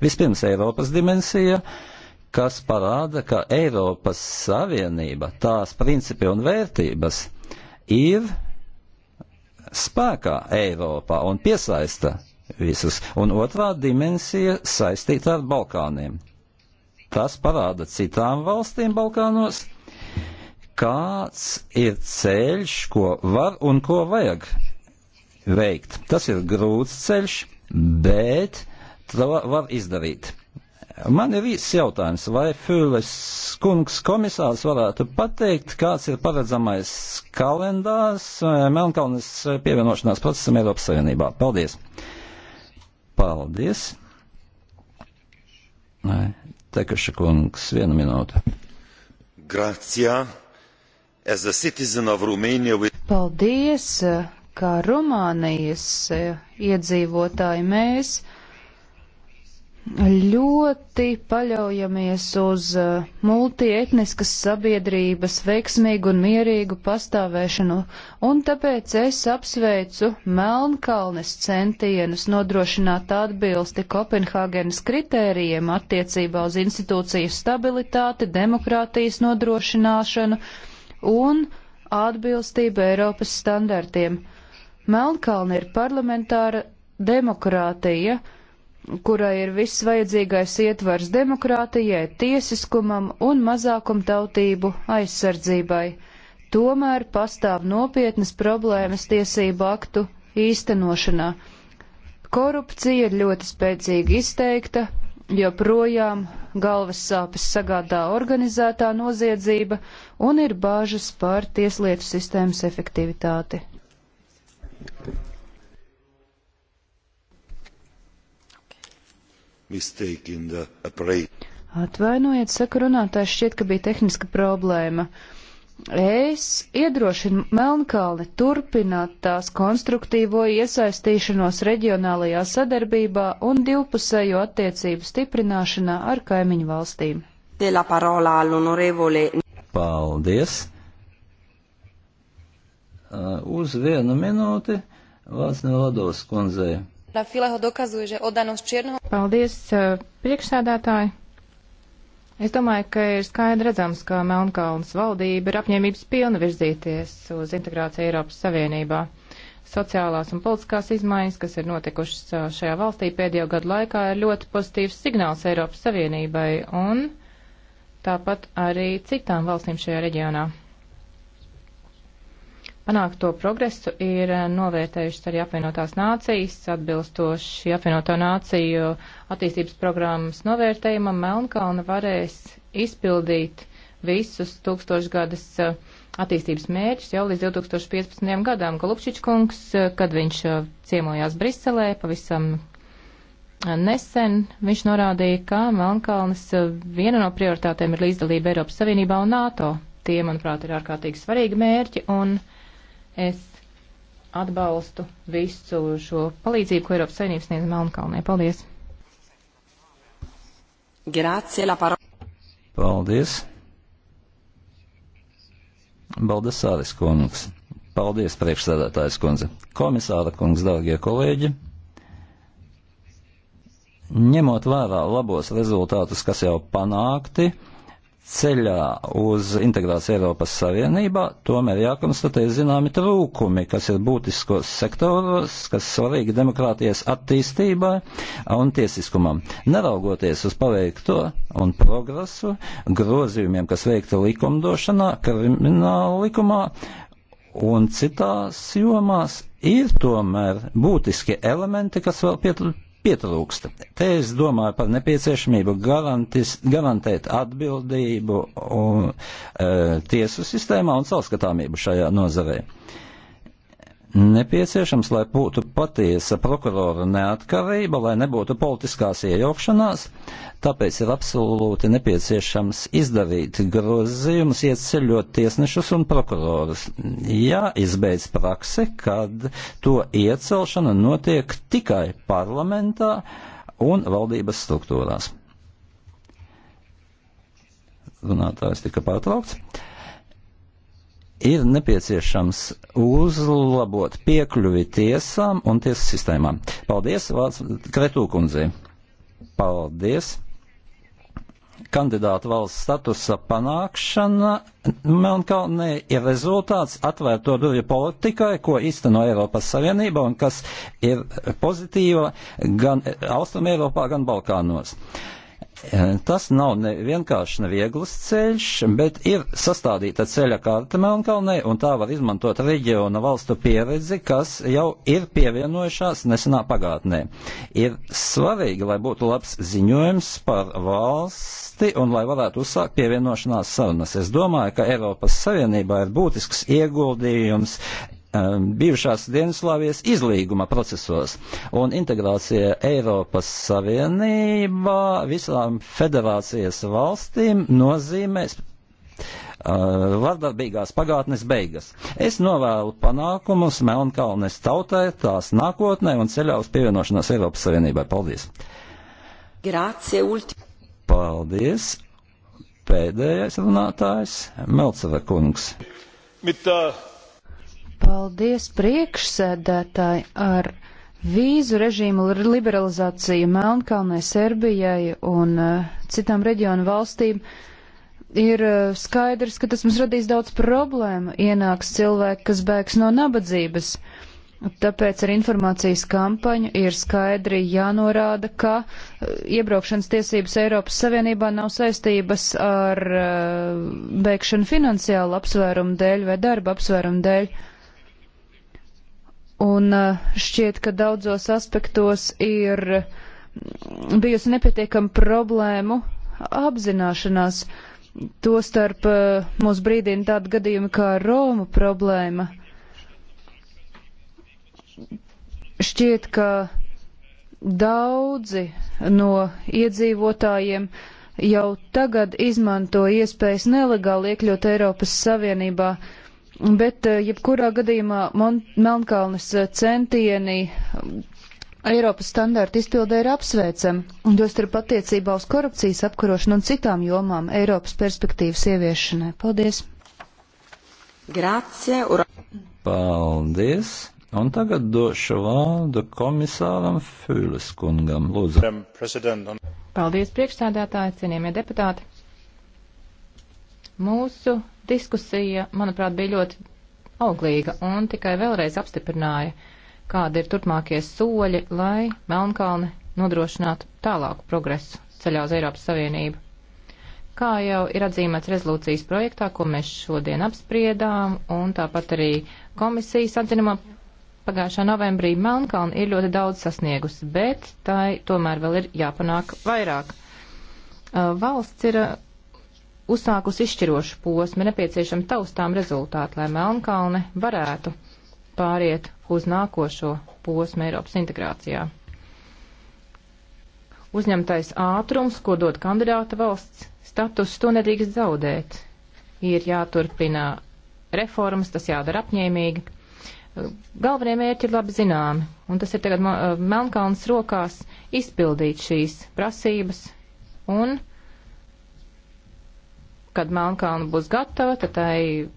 Vispirms Eiropas dimensija, kas parāda, ka Eiropas Savienība, tās principi un vērtības ir spēkā Eiropā un piesaista visus, un otrā dimensija saistīta ar Balkāniem Tas parāda citām valstīm Balkānos, kāds ir ceļš, ko var un ko vajag veikt. Tas ir grūts ceļš, bet to var izdarīt. Man ir īsts jautājums, vai Fūles kungs komisārs varētu pateikt, kāds ir paredzamais kalendārs e, Melnkalnes pievienošanās procesam Eiropas Savienībā? Paldies! Paldies! Nē. Tekaša kungs, viena minūte. Gracijā. As a citizen of Romania with... Paldies, kā Rumānijas eh, iedzīvotāji mēs ļoti paļaujamies uz eh, multietniskas sabiedrības veiksmīgu un mierīgu pastāvēšanu, un tāpēc es apsveicu Melnkalnes centienus nodrošināt atbilsti Kopenhāgenes kritērijiem attiecībā uz institūciju stabilitāti, demokrātijas nodrošināšanu un atbilstību Eiropas standartiem. Melnkalne ir parlamentāra demokrātija, kurai ir viss vajadzīgais ietvars demokrātijai, tiesiskumam un mazākumtautību aizsardzībai. Tomēr pastāv nopietnas problēmas tiesību aktu īstenošanā. Korupcija ir ļoti spēcīgi izteikta, joprojām galvas sāpes sagādā organizētā noziedzība un ir bāžas par tieslietu sistēmas efektivitāti. mistake in the operation. Atvainojiet, saka runātājs, šķiet, ka bija tehniska problēma. Es iedrošinu Melnkalni turpināt tās konstruktīvo iesaistīšanos reģionālajā sadarbībā un divpusējo attiecību stiprināšanā ar kaimiņu valstīm. Paldies! Uh, uz vienu minūti Vācis Nevados kundzei. Fileho dokazuje, že oddanosť čierneho. Paldies, eh, priekšsēdētāji. Es domāju, ka ir skaidri redzams, ka Melnkalnas valdība ir apņēmības pilna virzīties uz integrāciju Eiropas Savienībā. Sociālās un politiskās izmaiņas, kas ir notikušas eh, šajā valstī pēdējo gadu laikā, ir ļoti pozitīvs signāls Eiropas Savienībai un tāpat arī citām valstīm šajā reģionā. Panākto progresu ir eh, novērtējušas arī apvienotās nācijas, atbilstoši apvienoto nāciju attīstības programmas novērtējumam Melnkalna varēs izpildīt visus tūkstošgadas eh, attīstības mērķus jau līdz 2015. gadam. Galupšič kungs, eh, kad viņš ciemojās Briselē, pavisam Nesen viņš norādīja, ka Melnkalnes viena no prioritātēm ir līdzdalība Eiropas Savienībā un NATO. Tie, manuprāt, ir ārkārtīgi svarīgi mērķi, un uh, Es atbalstu visu šo palīdzību, ko Eiropas Savienības sniedz Melnkalnē. Paldies! Grācie, la paro... Paldies! Baldasāris kungs. Paldies, priekšsēdētājs kundze. Komisāra kungs, dārgie kolēģi! Ņemot vērā labos rezultātus, kas jau panākti, ceļā uz integrāciju Eiropas Savienībā, tomēr jākonstatē zināmi trūkumi, kas ir būtiskos sektoros, kas svarīgi demokrātijas attīstībai un tiesiskumam. Neraugoties uz paveikto un progresu, grozījumiem, kas veikta likumdošanā, krimināla likumā, un citās jomās ir tomēr būtiski elementi, kas vēl pietrūkst. Te es domāju par nepieciešamību garantis, garantēt atbildību un, e, tiesu sistēmā un caurskatāmību šajā nozarē. E, Nepieciešams, lai būtu patiesa prokurora neatkarība, lai nebūtu politiskās iejaukšanās, tāpēc ir absolūti nepieciešams izdarīt grozījumus, ieceļot tiesnešus un prokurorus. Jā, izbeidz praksi, kad to iecelšana notiek tikai parlamentā un valdības struktūrās. Runātājs tika pārtraukts ir nepieciešams uzlabot piekļuvi tiesām un tiesas sistēmām. Paldies, vārds Kretūkundzei. Paldies. Kandidāta valsts statusa panākšana Melnkalnē ir rezultāts atvērto durvju politikai, ko īsteno Eiropas Savienība un kas ir pozitīva gan Austrum Eiropā, gan Balkānos. Uh, Tas nav ne, vienkārši neviegls ceļš, bet ir sastādīta ceļa karta Melnkalnei, un tā var izmantot reģiona valstu pieredzi, kas jau ir pievienojušās nesenā pagātnē. Ir svarīgi, lai būtu labs ziņojums par valsti un lai varētu uzsākt pievienošanās sarunas. Es domāju, ka Eiropas Savienībā ir būtisks ieguldījums um, bijušās Dienaslāvijas izlīguma procesos. Un integrācija Eiropas Savienībā visām federācijas valstīm nozīmēs Uh, vardarbīgās pagātnes beigas. Es novēlu panākumus Melnkalnes tautai, tās nākotnē un ceļā uz pievienošanos Eiropas Savienībai. Paldies! Grācie, ulti! Paldies! Pēdējais runātājs Melceva kungs. Mit, uh... Paldies priekšsēdētāji ar vīzu režīmu liberalizāciju Melnkalnē, Serbijai un uh, citām reģionu valstīm. Ir uh, skaidrs, ka tas mums radīs daudz problēmu. Ienāks cilvēki, kas bēgs no nabadzības. Tāpēc ar informācijas kampaņu ir skaidri jānorāda, ka eh, iebraukšanas tiesības Eiropas Savienībā nav saistības ar uh, bēgšanu finansiālu apsvērumu dēļ vai darba apsvērumu dēļ. Uh, un uh, šķiet, ka daudzos aspektos ir mm, bijusi nepietiekama problēmu apzināšanās. Tostarp uh, mūs brīdina tādi gadījumi kā Roma problēma. Šķiet, ka daudzi no iedzīvotājiem jau tagad izmanto iespējas nelegāli iekļūt Eiropas Savienībā. Uh, Bet eh, jebkurā gadījumā Melnkalnes eh, centieni eh, Eiropas standārtu izpildē ir apsveicami, un tos ir patiecībā uz korupcijas apkarošanu un citām jomām Eiropas perspektīvas ieviešanai. Paldies! Grācie! Ura. Paldies! Un tagad došu vārdu komisāram Fūles kungam. Lūdzu. Paldies, priekšstādātāji, cienījamie deputāti. Mūsu Diskusija, manuprāt, bija ļoti auglīga un tikai vēlreiz apstiprināja, kādi ir turpmākie soļi, lai Melnkalne nodrošinātu tālāku progresu ceļā uz Eiropas Savienību. Kā jau ir atzīmēts rezolūcijas projektā, ko mēs šodien apspriedām, un tāpat arī komisijas atzinumā pagājušā novembrī Melnkalna ir ļoti daudz sasniegusi, bet tai tomēr vēl ir jāpanāk vairāk. Uh, valsts ir uh, uzsākus izšķirošu posmu, ir nepieciešami taustām rezultāti, lai Melnkalne varētu pāriet uz nākošo posmu Eiropas integrācijā. Uzņemtais ātrums, ko dod kandidāta valsts status, to nedrīkst zaudēt. Ir jāturpina reformas, tas jādara apņēmīgi. Galvenie mērķi ir labi zināmi, un tas ir tagad Melnkalnas rokās izpildīt šīs prasības un uh, kad Melnkalna būs gatava, tad tai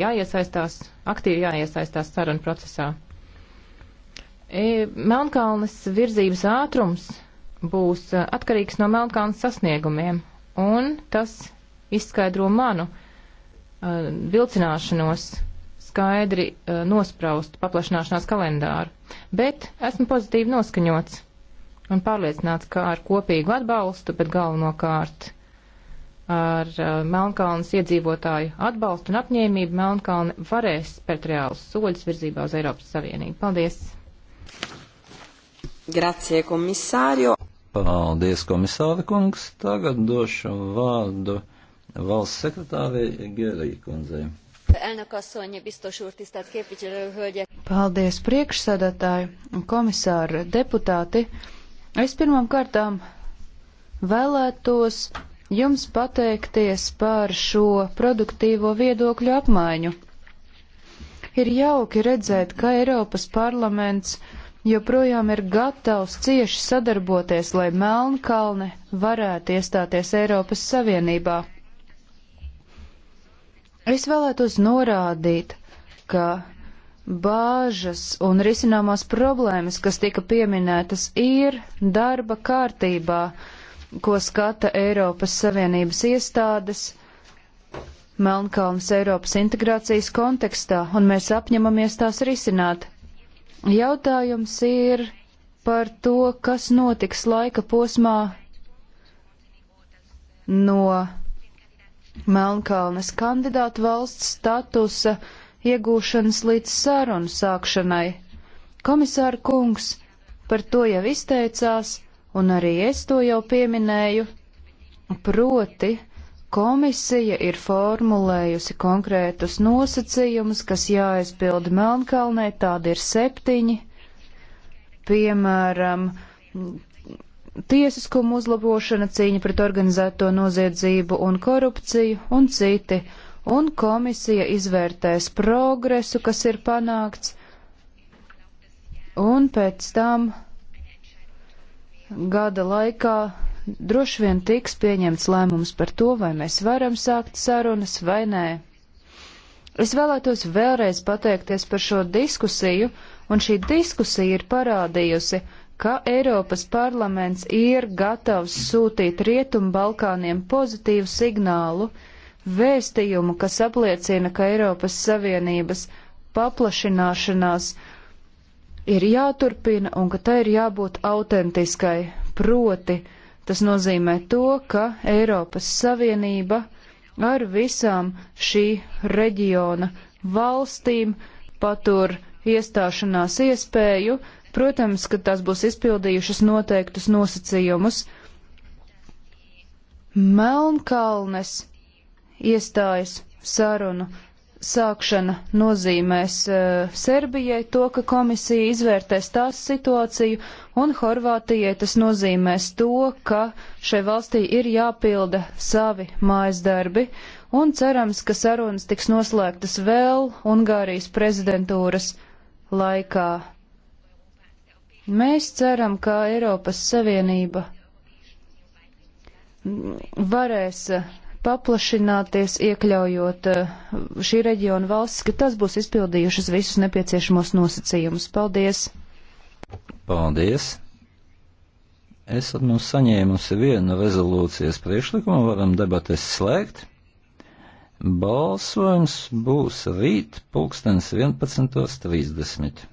jāiesaistās, aktīvi jāiesaistās sarunu procesā. E, Melnkalnes virzības ātrums būs e, atkarīgs no Melnkalnes sasniegumiem, un tas izskaidro manu uh, vilcināšanos skaidri uh, nospraust paplašināšanās kalendāru. Bet esmu pozitīvi noskaņots un pārliecināts, ka ar kopīgu atbalstu, bet galvenokārt ar uh, Melnkalnas iedzīvotāju atbalstu un apņēmību Melnkalna varēs spērt reālus soļus virzībā uz Eiropas Savienību. Paldies! Grazie, komisārio! Paldies, komisāri kungs! Tagad došu vārdu valsts sekretārei Gerija kundzei. Paldies, priekšsēdētāji un komisāri deputāti! Es pirmām kārtām vēlētos jums pateikties par šo produktīvo viedokļu apmaiņu. Ir jauki redzēt, ka Eiropas parlaments joprojām ir gatavs cieši sadarboties, lai Melnkalne varētu iestāties Eiropas Savienībā. Es vēlētos norādīt, ka bāžas un risināmās problēmas, kas tika pieminētas, ir darba kārtībā ko skata Eiropas Savienības iestādes Melnkalnas Eiropas integrācijas kontekstā, un mēs apņemamies tās risināt. Jautājums ir par to, kas notiks laika posmā no Melnkalnes kandidātu valsts statusa iegūšanas līdz sarunu sākšanai. Komisāra kungs par to jau izteicās un arī es to jau pieminēju, proti komisija ir formulējusi konkrētus nosacījumus, kas jāaizpilda Melnkalnē, tādi ir septiņi, piemēram, tiesiskuma uzlabošana, cīņa pret organizēto noziedzību un korupciju un citi, un komisija izvērtēs progresu, kas ir panākts, un pēc tam gada laikā droši vien tiks pieņemts lēmums par to, vai mēs varam sākt sarunas vai nē. Es vēlētos vēlreiz pateikties par šo diskusiju, un šī diskusija ir parādījusi, ka Eiropas parlaments ir gatavs sūtīt Rietumu Balkāniem pozitīvu signālu, vēstījumu, kas apliecina, ka Eiropas Savienības paplašināšanās uh, ir jāturpina un ka tai ir jābūt autentiskai. Proti, tas nozīmē to, ka Eiropas Savienība ar visām šī reģiona valstīm patur iestāšanās iespēju, protams, ka tās būs izpildījušas noteiktus nosacījumus. Melnkalnes iestājas sarunu sākšana nozīmēs uh, Serbijai to, ka komisija izvērtēs tās situāciju, un Horvātijai tas nozīmēs to, ka šai valstī ir jāpilda savi mājas darbi, un cerams, ka sarunas tiks noslēgtas vēl Ungārijas prezidentūras laikā. Mēs ceram, ka Eiropas Savienība varēs paplašināties, iekļaujot eh, šī reģiona valstis, ka tas būs izpildījušas visus nepieciešamos nosacījumus. Paldies! Paldies! Esat mums nu saņēmusi vienu rezolūcijas priekšlikumu, varam debates slēgt. Balsojums būs rīt pulkstens 11.30.